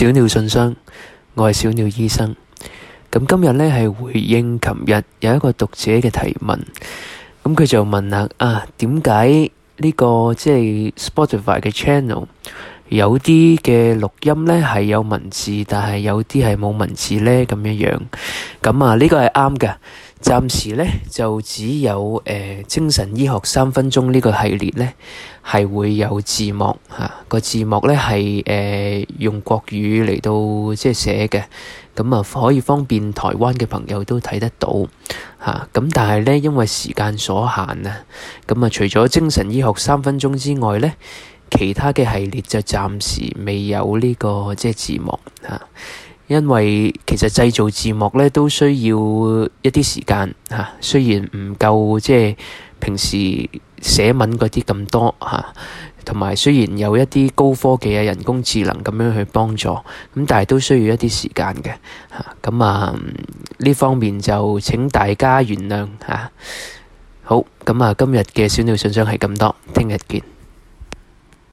小鳥信箱，我係小鳥醫生。咁今日咧係回應琴日有一個讀者嘅提問。咁佢就問啦，啊點解呢個即係 Spotify 嘅 channel？有啲嘅錄音咧係有文字，但係有啲係冇文字咧咁樣樣。咁啊，呢個係啱嘅。暫時咧就只有誒、呃、精神醫學三分鐘呢個系列咧係會有字幕嚇，個、啊、字幕咧係誒用國語嚟到即係寫嘅。咁啊可以方便台灣嘅朋友都睇得到嚇。咁、啊、但係咧，因為時間所限啊，咁啊除咗精神醫學三分鐘之外咧。其他嘅系列就暫時未有呢、這個即係字幕嚇、啊，因為其實製造字幕咧都需要一啲時間，嚇、啊。雖然唔夠，即係平時寫文嗰啲咁多嚇，同、啊、埋雖然有一啲高科技啊人工智能咁樣去幫助，咁但係都需要一啲時間嘅嚇。咁啊呢、啊、方面就請大家原諒嚇、啊。好，咁啊今日嘅小鳥信箱係咁多，聽日見。